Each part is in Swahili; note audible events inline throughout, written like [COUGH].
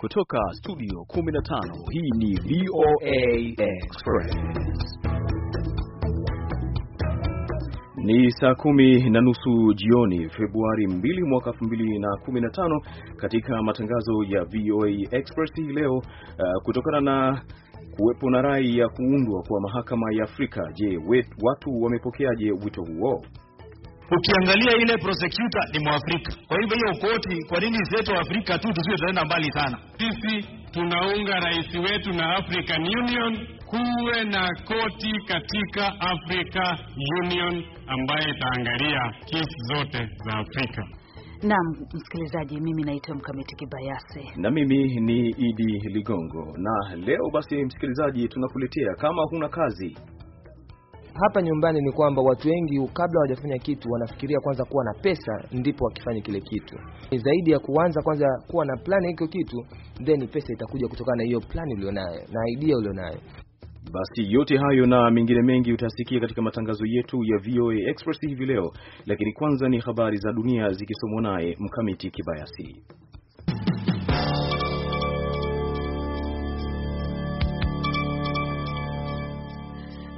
Kutoka studio 15 hii ni VOA Express. Ni saa kumi na nusu jioni Februari 2 mwaka 2015 katika matangazo ya VOA Express hii leo uh, kutokana na kuwepo na rai ya kuundwa kwa mahakama ya Afrika. Je, watu wamepokeaje wito huo? ukiangalia ile prosecutor ni Mwafrika. Kwa hivyo hiyo koti, kwa nini zetu wa Afrika tu tusiwe tunaenda mbali sana? Sisi tunaunga rais wetu na African Union kuwe na koti katika Africa Union ambaye itaangalia kesi zote za Afrika. Naam, msikilizaji, mimi naitwa Mkamiti Kibayasi na mimi ni Idi Ligongo, na leo basi, msikilizaji, tunakuletea kama huna kazi hapa nyumbani ni kwamba watu wengi kabla hawajafanya kitu wanafikiria kwanza kuwa na pesa ndipo wakifanya kile kitu. Ni zaidi ya kuanza kwanza kuwa na plani hiko kitu, then pesa itakuja kutokana na hiyo plani ulionayo na idea ulionayo. Basi yote hayo na mengine mengi utasikia katika matangazo yetu ya VOA Express hivi leo, lakini kwanza ni habari za dunia zikisomwa naye Mkamiti Kibayasi.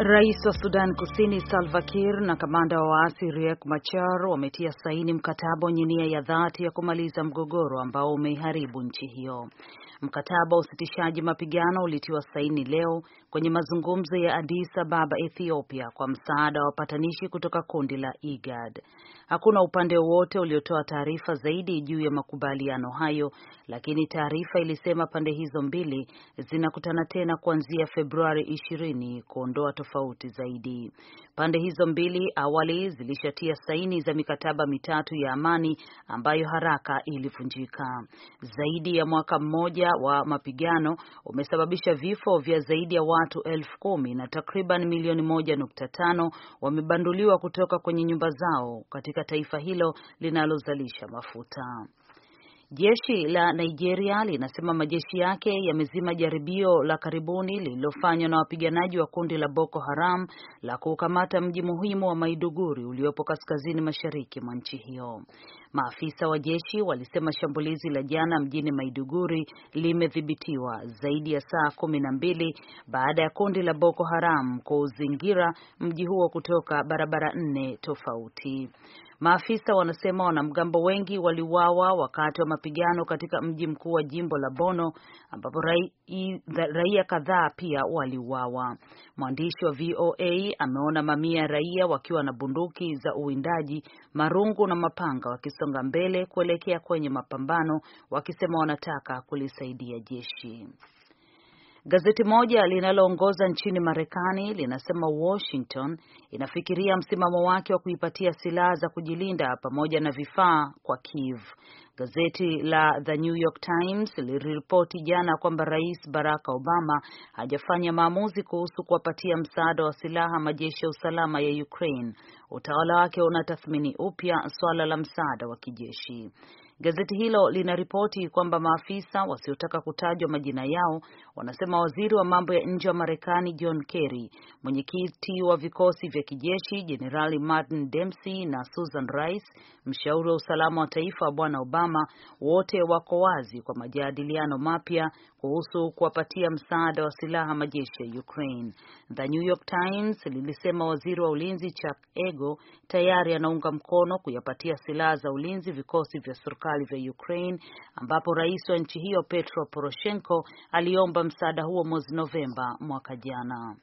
Rais wa Sudan Kusini Salva Kiir na kamanda wa waasi Riek Machar wametia saini mkataba wenye nia ya dhati ya kumaliza mgogoro ambao umeiharibu nchi hiyo. Mkataba wa usitishaji mapigano ulitiwa saini leo kwenye mazungumzo ya Addis Ababa, Ethiopia, kwa msaada wa wapatanishi kutoka kundi la IGAD. Hakuna upande wowote uliotoa taarifa zaidi juu ya makubaliano hayo, lakini taarifa ilisema pande hizo mbili zinakutana tena kuanzia Februari 20 kuondoa tofauti zaidi. Pande hizo mbili awali zilishatia saini za mikataba mitatu ya amani ambayo haraka ilivunjika. Zaidi ya mwaka mmoja wa mapigano umesababisha vifo vya zaidi ya watu elfu kumi na takriban milioni moja nukta tano wamebanduliwa kutoka kwenye nyumba zao katika taifa hilo linalozalisha mafuta. Jeshi la Nigeria linasema majeshi yake yamezima jaribio la karibuni lililofanywa na wapiganaji wa kundi la Boko Haram la kuukamata mji muhimu wa Maiduguri uliopo kaskazini mashariki mwa nchi hiyo. Maafisa wa jeshi walisema shambulizi la jana mjini Maiduguri limedhibitiwa zaidi ya saa kumi na mbili baada ya kundi la Boko Haram kuuzingira mji huo kutoka barabara nne tofauti. Maafisa wanasema wanamgambo wengi waliuawa wakati wa mapigano katika mji mkuu wa jimbo la Bono ambapo raia kadhaa pia waliuawa. Mwandishi wa VOA ameona mamia ya raia wakiwa na bunduki za uwindaji, marungu na mapanga wakisonga mbele kuelekea kwenye mapambano, wakisema wanataka kulisaidia jeshi. Gazeti moja linaloongoza nchini Marekani linasema Washington inafikiria msimamo wake wa kuipatia silaha za kujilinda pamoja na vifaa kwa Kiev. Gazeti la The New York Times liliripoti jana kwamba Rais Barack Obama hajafanya maamuzi kuhusu kuwapatia msaada wa silaha majeshi ya usalama ya Ukraine. Utawala wake unatathmini upya swala la msaada wa kijeshi. Gazeti hilo linaripoti kwamba maafisa wasiotaka kutajwa majina yao wanasema waziri wa mambo ya nje wa Marekani John Kerry, mwenyekiti wa vikosi vya kijeshi Jenerali Martin Dempsey na Susan Rice, mshauri wa usalama wa taifa wa Bwana Obama, wote wako wazi kwa majadiliano mapya kuhusu kuwapatia msaada wa silaha majeshi ya Ukraine. The New York Times lilisema waziri wa ulinzi Chuck Ego tayari anaunga mkono kuyapatia silaha za ulinzi vikosi vya serikali vya Ukraine, ambapo rais wa nchi hiyo Petro Poroshenko aliomba msaada huo mwezi Novemba mwaka jana.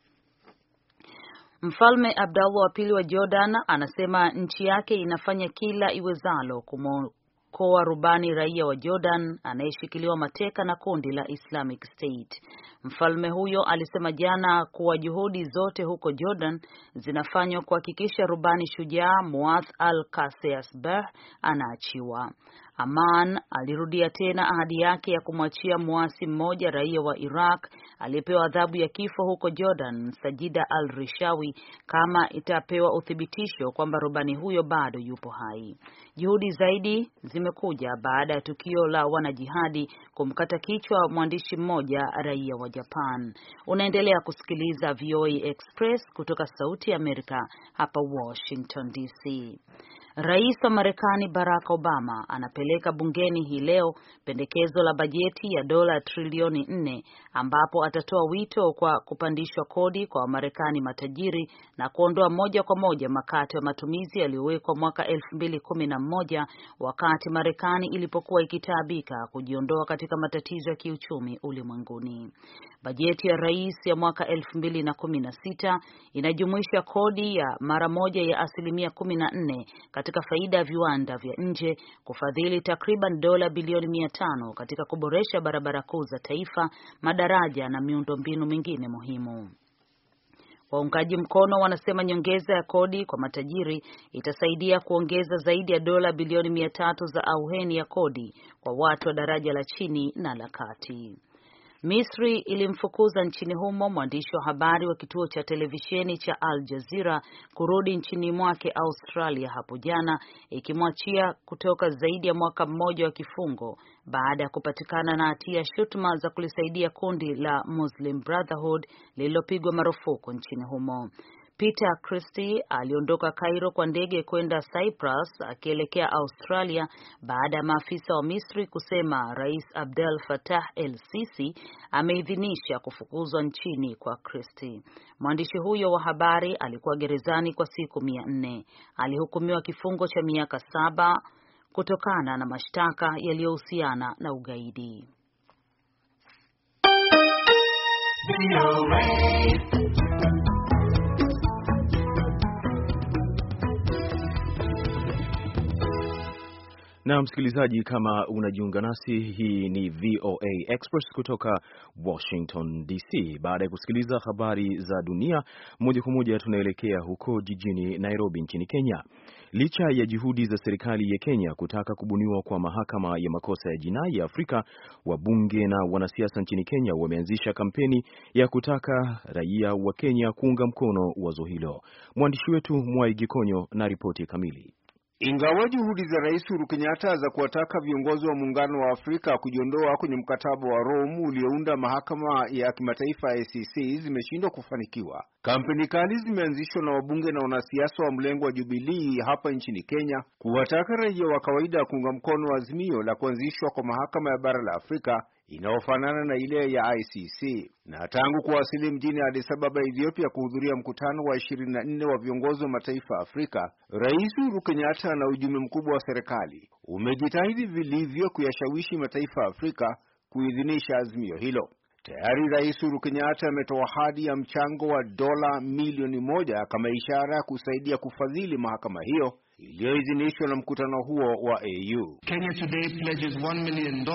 Mfalme Abdallah wa pili wa Jordan anasema nchi yake inafanya kila iwezalo kumwokoa rubani raia wa Jordan anayeshikiliwa mateka na kundi la Islamic State. Mfalme huyo alisema jana kuwa juhudi zote huko Jordan zinafanywa kuhakikisha rubani shujaa Muath al kaseasbeh anaachiwa. Aman alirudia tena ahadi yake ya kumwachia muasi mmoja raia wa Iraq aliyepewa adhabu ya kifo huko Jordan, Sajida al-Rishawi, kama itapewa uthibitisho kwamba rubani huyo bado yupo hai. Juhudi zaidi zimekuja baada ya tukio la wanajihadi kumkata kichwa mwandishi mmoja raia wa Japan. Unaendelea kusikiliza VOA e Express kutoka Sauti ya Amerika hapa Washington DC. Rais wa Marekani Barack Obama anapeleka bungeni hii leo pendekezo la bajeti ya dola trilioni nne ambapo atatoa wito kwa kupandishwa kodi kwa Wamarekani matajiri na kuondoa moja kwa moja makato ya matumizi yaliyowekwa mwaka elfu mbili kumi na wakati Marekani ilipokuwa ikitaabika kujiondoa katika matatizo ya kiuchumi ulimwenguni. Bajeti ya rais ya mwaka elfu mbili na kumi na sita inajumuisha kodi ya mara moja ya asilimia kumi na nne katika faida ya viwanda vya nje kufadhili takriban dola bilioni mia tano katika kuboresha barabara kuu za taifa, madaraja na miundombinu mingine muhimu. Waungaji mkono wanasema nyongeza ya kodi kwa matajiri itasaidia kuongeza zaidi ya dola bilioni mia tatu za auheni ya kodi kwa watu wa daraja la chini na la kati. Misri ilimfukuza nchini humo mwandishi wa habari wa kituo cha televisheni cha Al Jazeera kurudi nchini mwake Australia hapo jana, ikimwachia kutoka zaidi ya mwaka mmoja wa kifungo baada ya kupatikana na hatia shutuma za kulisaidia kundi la Muslim Brotherhood lililopigwa marufuku nchini humo. Peter Christie aliondoka Cairo kwa ndege kwenda Cyprus akielekea Australia baada ya maafisa wa Misri kusema Rais Abdel Fattah el-Sisi ameidhinisha kufukuzwa nchini kwa Christie. Mwandishi huyo wa habari alikuwa gerezani kwa siku mia nne. Alihukumiwa kifungo cha miaka saba kutokana na mashtaka yaliyohusiana na ugaidi. Na msikilizaji, kama unajiunga nasi, hii ni VOA Express kutoka Washington DC. Baada ya kusikiliza habari za dunia moja kwa moja, tunaelekea huko jijini Nairobi nchini Kenya. Licha ya juhudi za serikali ya Kenya kutaka kubuniwa kwa mahakama ya makosa ya jinai ya Afrika, wabunge na wanasiasa nchini Kenya wameanzisha kampeni ya kutaka raia wa Kenya kuunga mkono wazo hilo. Mwandishi wetu Mwai Gikonyo na ripoti kamili. Ingawa juhudi za Rais Uhuru Kenyatta za kuwataka viongozi wa Muungano wa Afrika kujiondoa kwenye mkataba wa Rome uliounda mahakama ya kimataifa ya ICC zimeshindwa kufanikiwa, kampeni kali zimeanzishwa na wabunge na wanasiasa wa mlengo wa Jubilii hapa nchini Kenya kuwataka raia wa kawaida kuunga mkono azimio la kuanzishwa kwa mahakama ya bara la Afrika inayofanana na ile ya ICC. Na tangu kuwasili mjini Addis Ababa, Ethiopia, kuhudhuria mkutano wa 24 wa viongozi wa mataifa Afrika, Rais Uhuru Kenyatta na ujumbe mkubwa wa serikali umejitahidi vilivyo kuyashawishi mataifa Afrika kuidhinisha azimio hilo. Tayari Rais Uhuru Kenyatta ametoa ahadi ya mchango wa dola milioni moja kama ishara ya kusaidia kufadhili mahakama hiyo iliyoidhinishwa na mkutano huo wa AU. Kenya Today pledges $1 million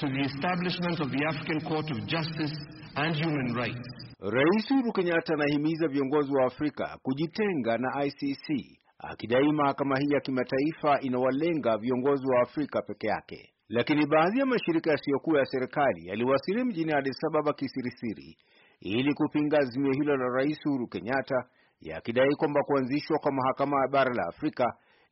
to the establishment of the African Court of Justice and Human Rights. Rais Uhuru Kenyatta anahimiza viongozi wa Afrika kujitenga na ICC akidai mahakama hii ya kimataifa inawalenga viongozi wa Afrika peke yake. Lakini baadhi ya mashirika yasiyokuwa ya serikali yaliwasili mjini Addis Ababa kisirisiri ili kupinga azimio hilo la Rais Uhuru Kenyatta yakidai kwamba kuanzishwa kwa mahakama ya bara la Afrika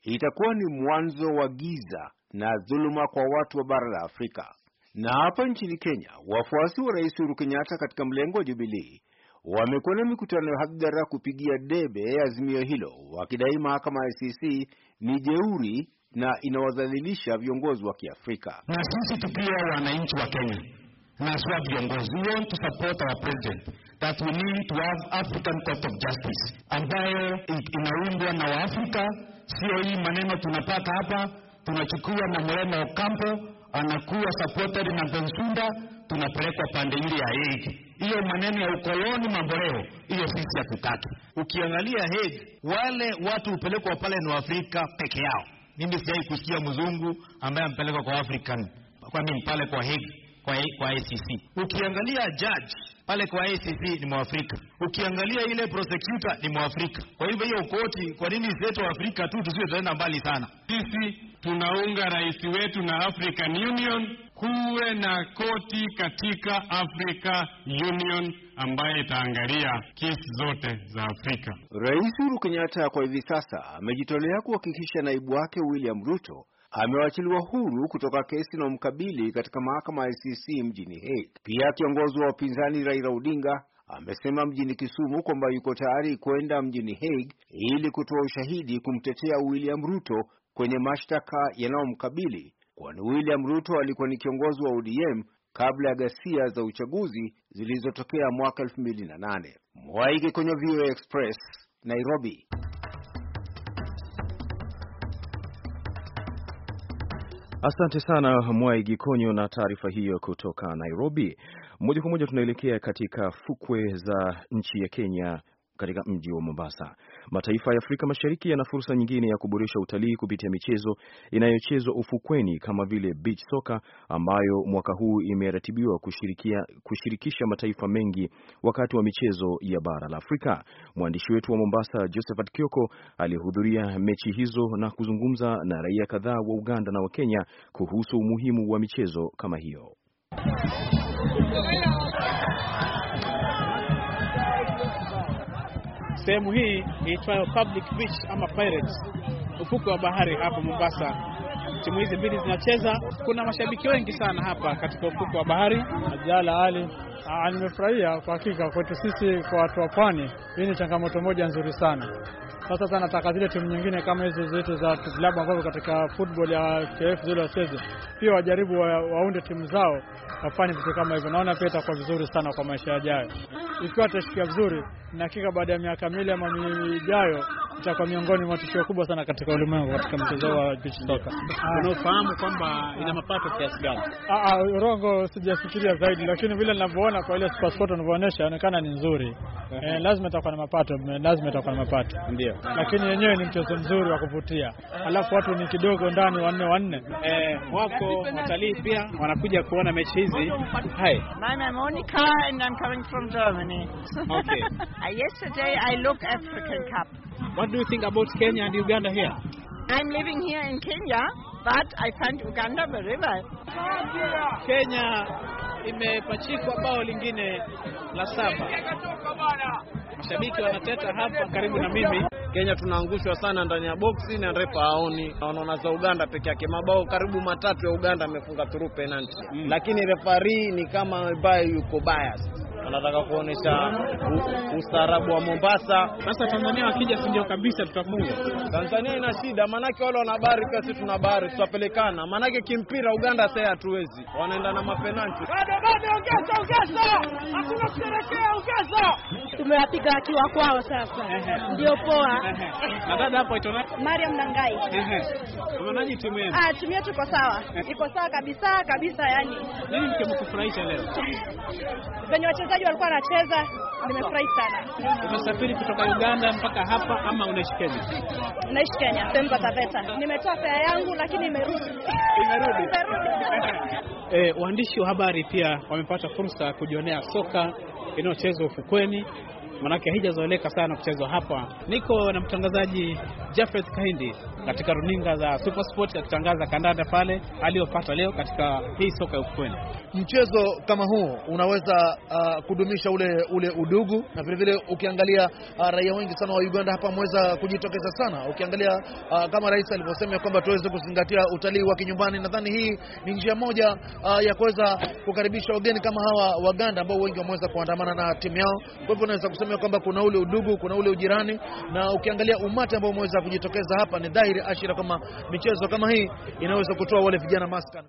itakuwa ni mwanzo wa giza na dhuluma kwa watu wa bara la Afrika. Na hapa nchini Kenya, wafuasi wa Rais Uhuru Kenyatta katika mlengo wa Jubilii wamekuwa na mikutano ya hadhara kupigia debe azimio hilo, wakidai mahakama ya ICC ni jeuri na inawadhalilisha viongozi wa Kiafrika. Na sisi tukiwa wananchi wa Kenya na Mheshimiwa viongozi, we want to support our president that we need to have African Court of Justice ambayo inaundwa na Waafrika, sio hii maneno tunapata hapa, tunachukua na Mrema Ocampo anakuwa supported na Bensunda, tunapelekwa pande ile ya Hague. Hiyo maneno ya ukoloni mamboleo, hiyo sisi hatutaki. Ukiangalia Hague, wale watu hupelekwa pale ni Waafrika peke yao. Mimi sijai kusikia mzungu ambaye ampeleka kwa African kwa mimi pale kwa Hague kwa, kwa ICC. Ukiangalia judge pale kwa ICC ni Mwafrika, ukiangalia ile prosecutor ni Mwafrika. Kwa hivyo hiyo koti, kwa nini zetu Afrika tu tusiwe tuenda mbali sana? Sisi tunaunga rais wetu na African Union kuwe na koti katika Africa Union ambaye itaangalia kesi zote za Afrika. Rais Uhuru Kenyatta kwa hivi sasa amejitolea kuhakikisha naibu wake William Ruto amewachiliwa huru kutoka kesi inayomkabili katika mahakama ya ICC mjini Hague. Pia kiongozi wa upinzani Raila Odinga amesema mjini Kisumu kwamba yuko tayari kwenda mjini Hague ili kutoa ushahidi kumtetea William Ruto kwenye mashtaka yanayomkabili, kwani William Ruto alikuwa ni kiongozi wa ODM kabla ya ghasia za uchaguzi zilizotokea mwaka 2008. Mwaike kwenye VOA Express, Nairobi. Asante sana Mwai Gikonyo na taarifa hiyo kutoka Nairobi. Moja kwa moja tunaelekea katika fukwe za nchi ya Kenya katika mji wa Mombasa. Mataifa ya Afrika Mashariki yana fursa nyingine ya kuboresha utalii kupitia michezo inayochezwa ufukweni kama vile beach soccer ambayo mwaka huu imeratibiwa kushirikia, kushirikisha mataifa mengi wakati wa michezo ya bara la Afrika. Mwandishi wetu wa Mombasa Josephat Kioko alihudhuria mechi hizo na kuzungumza na raia kadhaa wa Uganda na wa Kenya kuhusu umuhimu wa michezo kama hiyo. sehemu hii iitwayo Public Beach ama Pirates, ufuko wa bahari hapa Mombasa. Timu hizi mbili zinacheza. Kuna mashabiki wengi sana hapa katika ufuko wa bahari. Ajala ah, Ali nimefurahia kwa hakika. Kwetu sisi kwa watu wa pwani, hii ni changamoto moja nzuri sana. Sasa sana nataka zile timu nyingine kama hizo zetu za klabu ambavyo katika football ya KF zile wacheze pia, wajaribu waunde timu zao, wafanye vitu kama hivyo. Naona pia itakuwa vizuri sana kwa maisha yajayo ikiwa atashikia vizuri na hakika, baada ya miaka miwili ama ijayo itakuwa miongoni mwa tishio kubwa sana katika ulimwengu katika mchezo wa beach soccer. Ah, unaofahamu kwamba ina mapato kiasi gani? Ah, ah, Urongo sijafikiria zaidi, lakini vile ninavyoona kwa ile passport unavyoonyesha inaonekana ni nzuri. Eh, lazima itakuwa na mapato, eh, lazima itakuwa na mapato. Ndio. Lakini yenyewe ni mchezo mzuri wa kuvutia. Alafu watu ni kidogo ndani wanne wanne. Eh, wako watalii pia wanakuja kuona mechi hizi. Hi. My name is Monica and I'm coming from Germany. Okay. [LAUGHS] Uh, yesterday I look African Cup. What do you think about Kenya and Uganda here? I'm living here in Kenya, but I find Uganda very well. Kenya imepachikwa bao lingine la saba. Mashabiki wanateta hapa karibu na mimi. Kenya tunaangushwa sana ndani ya boksi na refa haoni, wanaona za Uganda peke yake. Mabao karibu matatu ya Uganda amefunga through penalty, mm. Lakini refari ni kama ambaye yuko bias wanataka kuonesha ustaarabu wa Mombasa. Sasa Tanzania wakija, si ndio kabisa, tutafunga. Tanzania ina shida, maanake wale wana habari, pia sisi tuna habari, tutapelekana. Maanake kimpira Uganda sasa hatuwezi, wanaenda na mapenanti Bado bado, ongeza ongeza, hakuna kusherekea, ongeza. Tumewapiga akiwa kwao, sasa ndio poa. Na dada hapo itona Mariam Nangai, unaonaje timu yenu? Ah, timu yetu iko sawa, iko sawa kabisa kabisa, yani nini kimekufurahisha leo? venye wachezaji walikuwa wanacheza, nimefurahi sana. Umesafiri kutoka Uganda mpaka hapa ama unaishi Kenya? Naishi Kenya, sehemu za Taveta. Nimetoa fare yangu lakini imerudi, imerudi. [LAUGHS] Eh, waandishi wa habari pia wamepata fursa ya kujionea soka inayochezwa ufukweni manake haijazoeleka sana kuchezwa hapa. Niko na mtangazaji Jafet Kahindi katika runinga za Super Sport akitangaza kandanda pale aliyopata leo katika hii soka ya ukweni. Mchezo kama huu unaweza uh, kudumisha ule ule udugu na vile vile ukiangalia uh, raia wengi sana wa Uganda hapa wameweza kujitokeza sana. Ukiangalia uh, kama rais alivyosema kwamba tuweze kuzingatia utalii wa kinyumbani, nadhani hii ni njia moja uh, ya kuweza kukaribisha wageni kama hawa Waganda ambao wengi wameweza kuandamana na timu yao, kwa hivyo unaweza kusema tuseme kwamba kuna ule udugu, kuna ule ujirani, na ukiangalia umati ambao umeweza kujitokeza hapa, ni dhahiri ashira kwamba michezo kama hii inaweza kutoa wale vijana maskani.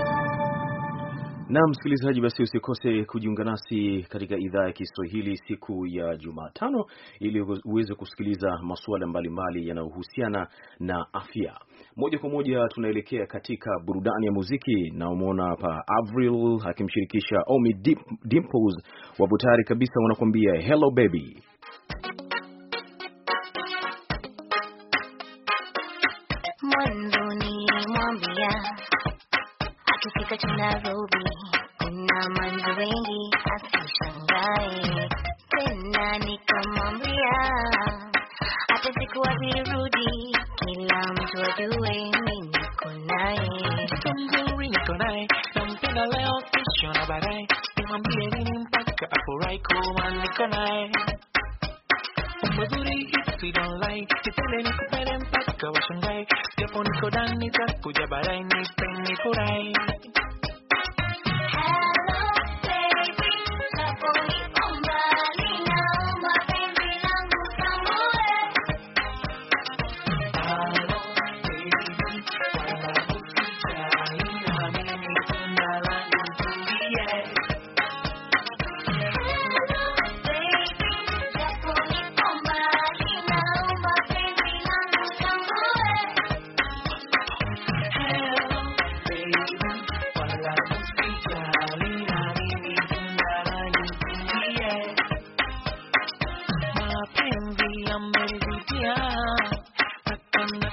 Na msikilizaji, basi usikose kujiunga nasi katika idhaa ya Kiswahili siku ya Jumatano ili uweze kusikiliza masuala mbalimbali yanayohusiana na afya. Moja kwa moja tunaelekea katika burudani ya muziki, na umeona hapa Avril akimshirikisha Omi Dimples, wa butari kabisa, wanakuambia hello baby. lokacin Nairobi ina mandaringi a cikin Shanghai tana ni kamar murya a tafi kuwa biri rudi kila mtu ajue mi niko naye Tanzuri niko naye nampenda leo kesho na baadaye nimwambie nini mpaka afurahi kuwa Missouri hits we don't like. Kisele ni kupende mpaka washangae. Japo niko ndani za kuja barai, nipeni furahi. Hello baby, Napoli.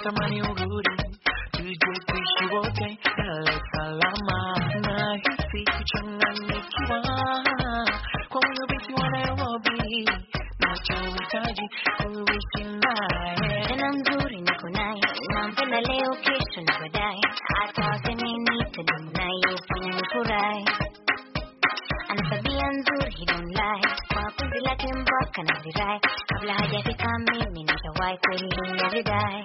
natamani urudi tuje kuishi wote nalo salama na hisi kuchanganyikiwa kwa huyo binti wa Nairobi nachohitaji kuishi naye tena mzuri niko naye nampenda leo kesho na baadaye hata waseme nitadumu naye fanya nifurahi ana tabia nzuri he don't lie kwa penzi lake mpaka na virai kabla hajafika mimi nishawahi kweli nimeridai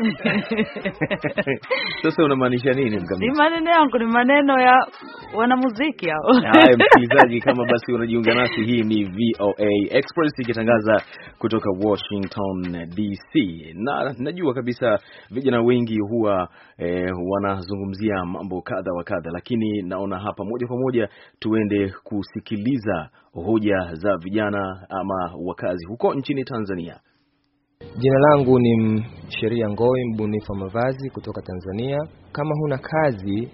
[LAUGHS] Sasa unamaanisha nini mkamiti? Ni maneno yangu, ni maneno ya wanamuziki hao. Haya, [LAUGHS] msikilizaji, kama basi unajiunga nasi, hii ni VOA Express ikitangaza kutoka Washington DC, na najua kabisa vijana wengi huwa eh, wanazungumzia mambo kadha wa kadha, lakini naona hapa moja kwa moja tuende kusikiliza hoja za vijana ama wakazi huko nchini Tanzania. Jina langu ni sheria Ngoi, mbunifu wa mavazi kutoka Tanzania. Kama huna kazi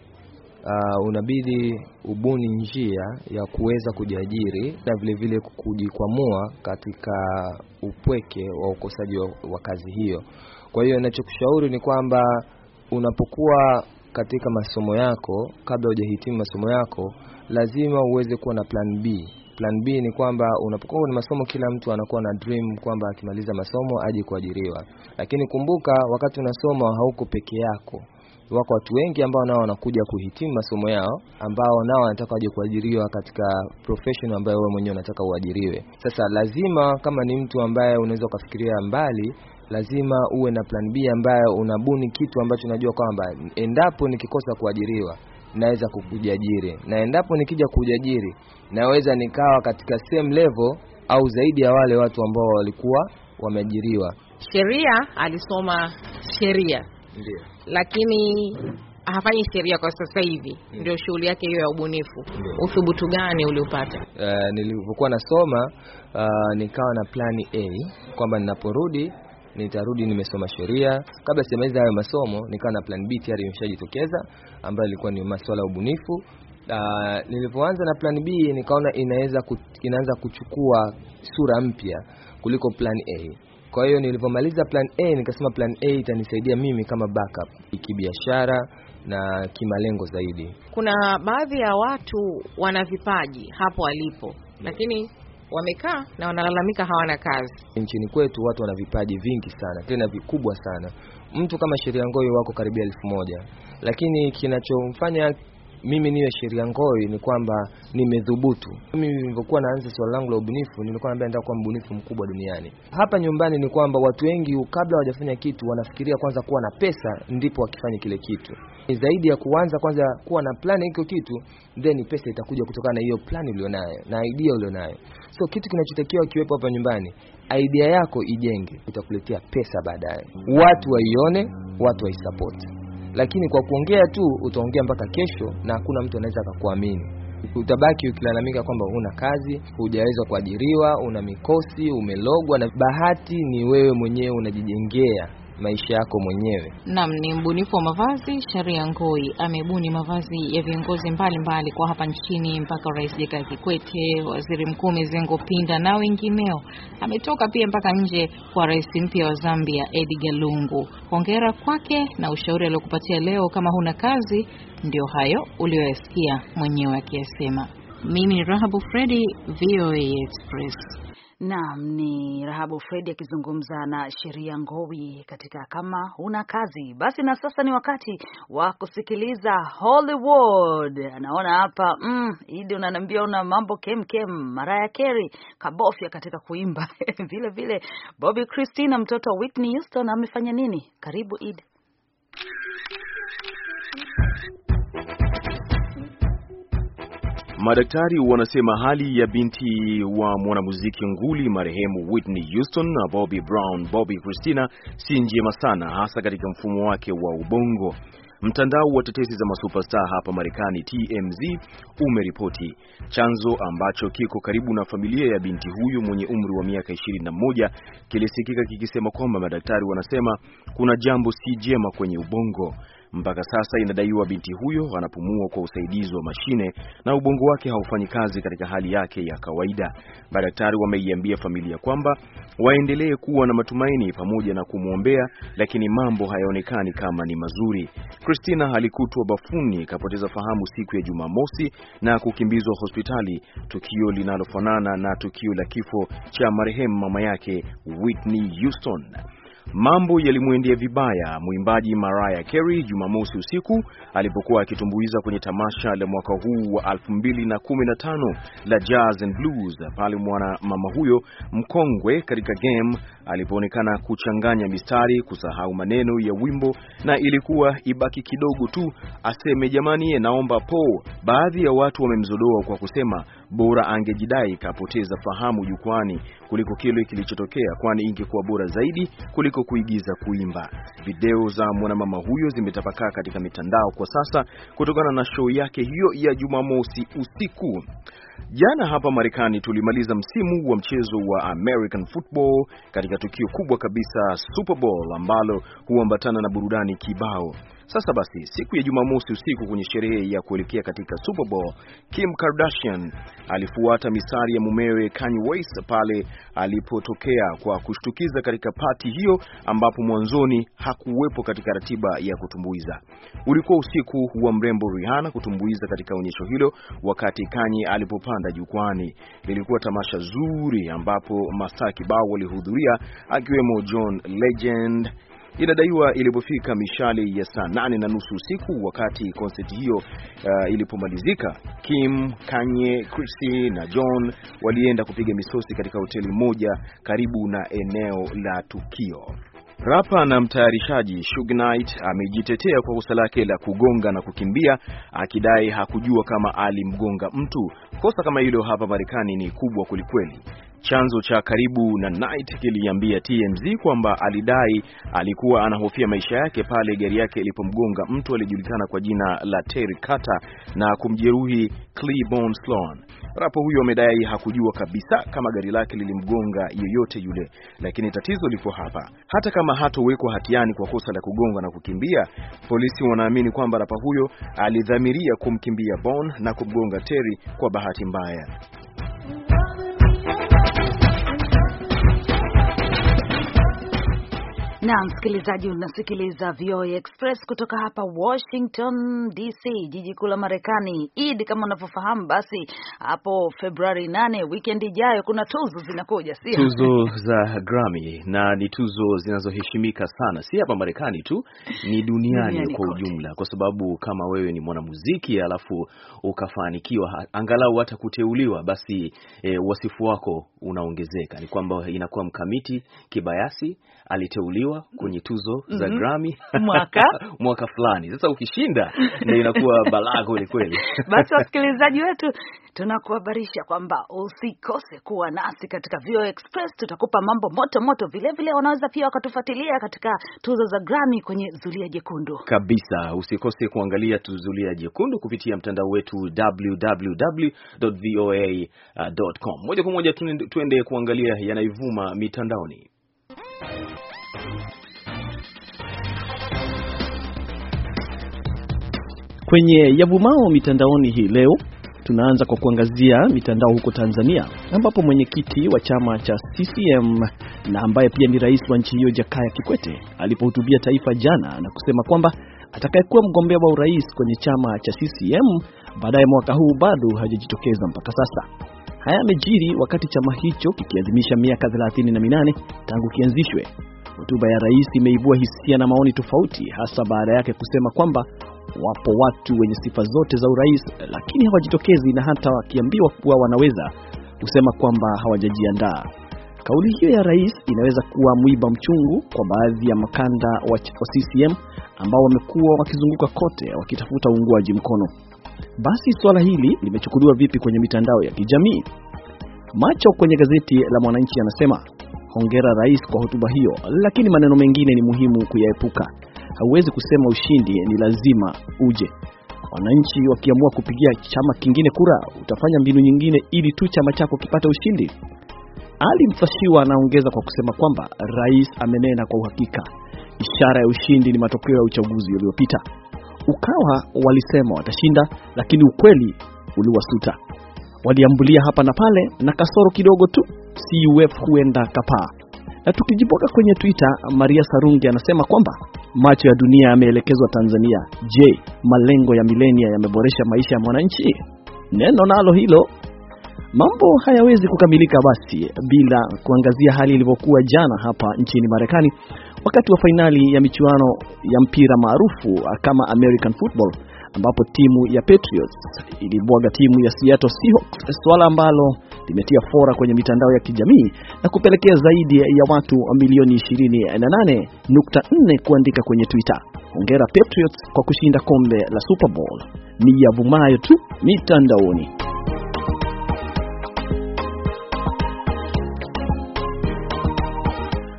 uh, unabidi ubuni njia ya kuweza kujiajiri na vile vile kujikwamua katika upweke wa ukosaji wa, wa kazi hiyo. Kwa hiyo ninachokushauri ni kwamba unapokuwa katika masomo yako, kabla hujahitimu masomo yako, lazima uweze kuwa na plan B plan B ni kwamba unapokuwa kwenye masomo, kila mtu anakuwa na dream kwamba akimaliza masomo aje kuajiriwa, lakini kumbuka, wakati unasoma hauko peke yako wako watu wengi ambao nao wanakuja kuhitimu masomo yao ambao nao wanataka waje kuajiriwa katika profession ambayo wewe mwenyewe unataka uajiriwe. Sasa lazima kama ni mtu ambaye unaweza ukafikiria mbali, lazima uwe na plan B ambayo unabuni kitu ambacho unajua kwamba endapo nikikosa kuajiriwa naweza kukujajiri na endapo nikija kujajiri naweza nikawa katika same level au zaidi ya wale watu ambao walikuwa wameajiriwa. Sheria alisoma sheria, ndio, lakini hafanyi sheria kwa sasa hivi, ndio shughuli yake hiyo ya ubunifu. Uthubutu gani uliupata? Uh, nilipokuwa nasoma uh, nikawa na plani A kwamba ninaporudi nitarudi nimesoma sheria. Kabla sijamaliza hayo masomo, nikawa na plan B tayari imeshajitokeza ambayo ilikuwa ni masuala ya ubunifu. Uh, nilipoanza na plan B nikaona inaweza ku, inaanza kuchukua sura mpya kuliko plan A. Kwa hiyo nilipomaliza plan A nikasema plan A itanisaidia mimi kama backup kibiashara na kimalengo zaidi. Kuna baadhi ya watu wana vipaji hapo alipo, lakini wamekaa na wanalalamika hawana kazi. Nchini kwetu watu wana vipaji vingi sana tena vikubwa sana. Mtu kama Sheria Ngoyo wako karibia elfu moja, lakini kinachomfanya mimi niwe sheria ngoi ni kwamba nimedhubutu. Mimi nilipokuwa naanza swala langu la ubunifu, nilikuwa naambia nataka kuwa mbunifu mkubwa duniani. Hapa nyumbani ni kwamba watu wengi kabla hawajafanya kitu wanafikiria kwanza kuwa na pesa ndipo wakifanya kile kitu. Ni zaidi ya kuanza kwanza kuwa na plani hiyo kitu, then pesa itakuja kutokana na hiyo plani ulionayo na idea ulionayo. So kitu kinachotakiwa kiwepo hapa nyumbani, idea yako ijenge, itakuletea pesa baadaye, watu waione, watu waisupport lakini kwa kuongea tu utaongea mpaka kesho na hakuna mtu anaweza akakuamini. Utabaki ukilalamika kwamba una kazi, hujaweza kuajiriwa, una mikosi, umelogwa, na bahati ni wewe mwenyewe unajijengea maisha yako mwenyewe. Naam, ni mbunifu wa mavazi Sharia Ngoi amebuni mavazi ya viongozi mbalimbali kwa hapa nchini mpaka Rais Jakaya Kikwete, Waziri Mkuu Mizengo Pinda na wengineo. Ametoka pia mpaka nje kwa rais mpya wa Zambia Edgar Lungu. Hongera kwake na ushauri aliokupatia leo. Kama huna kazi, ndio hayo uliyoyasikia mwenyewe akiyasema. Mimi ni Rahabu Fredi, VOA Express. Naam, ni Rahabu Fredi akizungumza na Sheria Ngowi katika Kama Huna Kazi. Basi na sasa ni wakati wa kusikiliza Hollywood. anaona hapa mm, Idi unaniambia una mambo kemkem. Mariah Carey kabofya katika kuimba [LAUGHS] vile vile Bobby Christina, mtoto wa Whitney Houston amefanya nini? Karibu Idi Madaktari wanasema hali ya binti wa mwanamuziki nguli marehemu Whitney Houston na Bobby Brown Bobby Christina si njema sana, hasa katika mfumo wake wa ubongo. Mtandao wa tetesi za masuperstar hapa Marekani TMZ umeripoti chanzo ambacho kiko karibu na familia ya binti huyu mwenye umri wa miaka 21 kilisikika kikisema kwamba madaktari wanasema kuna jambo si jema kwenye ubongo. Mpaka sasa inadaiwa binti huyo anapumua kwa usaidizi wa mashine na ubongo wake haufanyi kazi katika hali yake ya kawaida. Madaktari wameiambia familia kwamba waendelee kuwa na matumaini pamoja na kumwombea, lakini mambo hayaonekani kama ni mazuri. Christina alikutwa bafuni kapoteza fahamu siku ya Jumamosi na kukimbizwa hospitali, tukio linalofanana na tukio la kifo cha marehemu mama yake Whitney Houston. Mambo yalimwendea vibaya mwimbaji Mariah Carey Jumamosi usiku alipokuwa akitumbuiza kwenye tamasha la mwaka huu wa 2015 la Jazz and Blues pale mwana mama huyo mkongwe katika game alipoonekana kuchanganya mistari, kusahau maneno ya wimbo na ilikuwa ibaki kidogo tu aseme jamani, naomba po. Baadhi ya watu wamemzodoa kwa kusema bora angejidai kapoteza fahamu jukwani kuliko kile kilichotokea, kwani ingekuwa bora zaidi kuliko kuigiza kuimba. Video za mwanamama huyo zimetapakaa katika mitandao kwa sasa kutokana na show yake hiyo ya Jumamosi usiku. Jana hapa Marekani tulimaliza msimu wa mchezo wa American Football katika tukio kubwa kabisa Super Bowl ambalo huambatana na burudani kibao. Sasa basi, siku ya Jumamosi usiku kwenye sherehe ya kuelekea katika Super Bowl, Kim Kardashian alifuata misari ya mumewe Kanye West pale alipotokea kwa kushtukiza katika pati hiyo, ambapo mwanzoni hakuwepo katika ratiba ya kutumbuiza. Ulikuwa usiku wa mrembo Rihanna kutumbuiza katika onyesho hilo wakati Kanye alipopanda jukwani. Lilikuwa tamasha zuri ambapo masaki kibao walihudhuria akiwemo John Legend Inadaiwa ilipofika mishale ya saa nane na nusu usiku, wakati konseti hiyo uh, ilipomalizika, Kim, Kanye, Chrissy na John walienda kupiga misosi katika hoteli moja karibu na eneo la tukio. Rapa na mtayarishaji Suge Knight amejitetea kwa kosa lake la kugonga na kukimbia akidai hakujua kama alimgonga mtu. Kosa kama hilo hapa Marekani ni kubwa kwelikweli. Chanzo cha karibu na Knight kiliambia TMZ kwamba alidai alikuwa anahofia maisha yake pale gari yake ilipomgonga mtu aliyejulikana kwa jina la Terry Carter na kumjeruhi Cleburne Sloan. Rapa huyo amedai hakujua kabisa kama gari lake lilimgonga yeyote yule, lakini tatizo liko hapa. Hata kama hatowekwa hatiani kwa kosa la kugonga na kukimbia, polisi wanaamini kwamba rapa huyo alidhamiria kumkimbia Bone na kumgonga Terry kwa bahati mbaya. na msikilizaji, unasikiliza VOA Express kutoka hapa Washington DC, jiji kuu la Marekani. Eid kama unavyofahamu, basi hapo Februari 8 weekend ijayo kuna tuzo zinakuja, si tuzo za Grammy, na ni tuzo zinazoheshimika sana, si hapa Marekani tu, ni duniani, duniani kwa ujumla, kwa sababu kama wewe ni mwanamuziki alafu ukafanikiwa angalau hata kuteuliwa, basi e, wasifu wako unaongezeka. Ni kwamba inakuwa mkamiti kibayasi aliteuliwa kuwa kwenye tuzo mm -hmm. za mhm. Grammy mwaka [LAUGHS] mwaka fulani. Sasa ukishinda [LAUGHS] ndio inakuwa balaa kweli kweli. [LAUGHS] Basi wasikilizaji wetu, tunakuhabarisha kwamba usikose kuwa nasi katika Vio Express, tutakupa mambo moto moto. Vile vile wanaweza pia wakatufuatilia katika tuzo za Grammy kwenye zulia jekundu kabisa. Usikose kuangalia tuzulia jekundu kupitia mtandao wetu www.voa.com. Moja kwa moja tuende kuangalia yanayovuma mitandaoni. Kwenye Yavumao Mitandaoni hii leo tunaanza kwa kuangazia mitandao huko Tanzania, ambapo mwenyekiti wa chama cha CCM na ambaye pia ni rais wa nchi hiyo Jakaya Kikwete alipohutubia taifa jana na kusema kwamba atakayekuwa mgombea wa urais kwenye chama cha CCM baadaye mwaka huu bado hajajitokeza mpaka sasa. Haya yamejiri wakati chama hicho kikiadhimisha miaka 38 tangu kianzishwe Hotuba ya rais imeibua hisia na maoni tofauti, hasa baada yake kusema kwamba wapo watu wenye sifa zote za urais lakini hawajitokezi, na hata wakiambiwa kuwa wanaweza kusema kwamba hawajajiandaa. Kauli hiyo ya rais inaweza kuwa mwiba mchungu kwa baadhi ya makanda wa CCM ambao wamekuwa wakizunguka kote wakitafuta uungwaji mkono. Basi suala hili limechukuliwa vipi kwenye mitandao ya kijamii? Macho kwenye gazeti la Mwananchi anasema amempongera rais kwa hotuba hiyo, lakini maneno mengine ni muhimu kuyaepuka. Hauwezi kusema ushindi ni lazima uje. Wananchi wakiamua kupigia chama kingine kura, utafanya mbinu nyingine ili tu chama chako kipate ushindi. Ali Mfashiwa anaongeza kwa kusema kwamba rais amenena kwa uhakika, ishara ya ushindi ni matokeo ya uchaguzi uliopita. Ukawa walisema watashinda, lakini ukweli uliwasuta waliambulia hapa na pale na kasoro kidogo tu, CUF huenda kapaa. Na tukijiboka kwenye Twitter, Maria Sarungi anasema kwamba macho ya dunia yameelekezwa Tanzania. Je, malengo ya milenia yameboresha maisha ya mwananchi? Neno nalo hilo. Mambo hayawezi kukamilika basi bila kuangazia hali ilivyokuwa jana hapa nchini Marekani wakati wa fainali ya michuano ya mpira maarufu kama American Football ambapo timu ya Patriots ilibwaga timu ya Seattle Seahawks, swala ambalo limetia fora kwenye mitandao ya kijamii na kupelekea zaidi ya watu milioni 28.4 kuandika kwenye Twitter, hongera Patriots kwa kushinda kombe la Super Bowl. Ni yavumayo tu mitandaoni.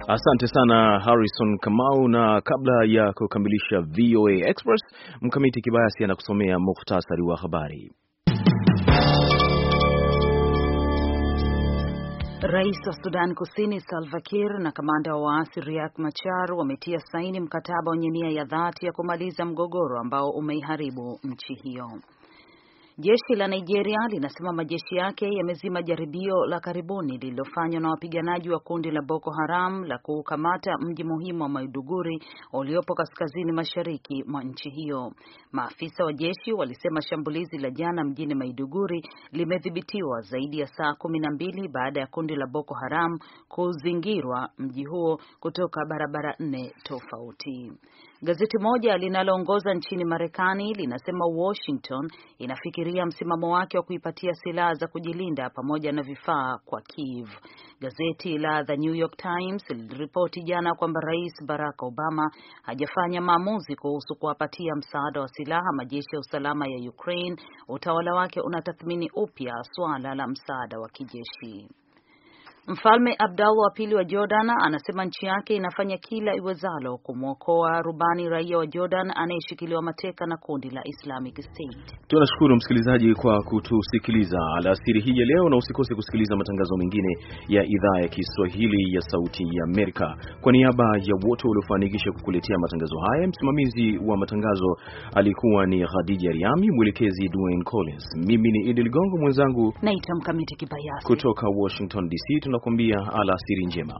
Asante sana Harrison Kamau, na kabla ya kukamilisha VOA Express, Mkamiti Kibayasi anakusomea muhtasari wa habari. Rais wa Sudan Kusini Salva Kiir na kamanda wa waasi Riek Machar wametia saini mkataba wenye nia ya dhati ya kumaliza mgogoro ambao umeiharibu nchi hiyo. Jeshi la Nigeria linasema majeshi yake yamezima jaribio la karibuni lililofanywa na wapiganaji wa kundi la Boko Haram la kuukamata mji muhimu wa Maiduguri uliopo kaskazini mashariki mwa nchi hiyo. Maafisa wa jeshi walisema shambulizi la jana mjini Maiduguri limedhibitiwa zaidi ya saa kumi na mbili baada ya kundi la Boko Haram kuzingirwa mji huo kutoka barabara nne tofauti. Gazeti moja linaloongoza nchini Marekani linasema Washington inafikiria msimamo wake wa kuipatia silaha za kujilinda pamoja na vifaa kwa Kiev. Gazeti la The New York Times liliripoti jana kwamba Rais Barack Obama hajafanya maamuzi kuhusu kuwapatia msaada wa silaha majeshi ya usalama ya Ukraine. Utawala wake unatathmini upya suala la msaada wa kijeshi. Mfalme Abdallah wa pili wa Jordan anasema nchi yake inafanya kila iwezalo kumwokoa rubani raia wa Jordan anayeshikiliwa mateka na kundi la Islamic State. Tunashukuru msikilizaji kwa kutusikiliza alasiri hii ya leo, na usikose kusikiliza matangazo mengine ya idhaa ya Kiswahili ya Sauti ya Amerika. Kwa niaba ya wote waliofanikisha kukuletea matangazo haya, msimamizi wa matangazo alikuwa ni Khadija Riami, mwelekezi Dwayne Collins, mimi ni Idi Ligongo, mwenzangu naita Mkamiti Kibayasi kutoka Washington DC tunakuambia alasiri njema.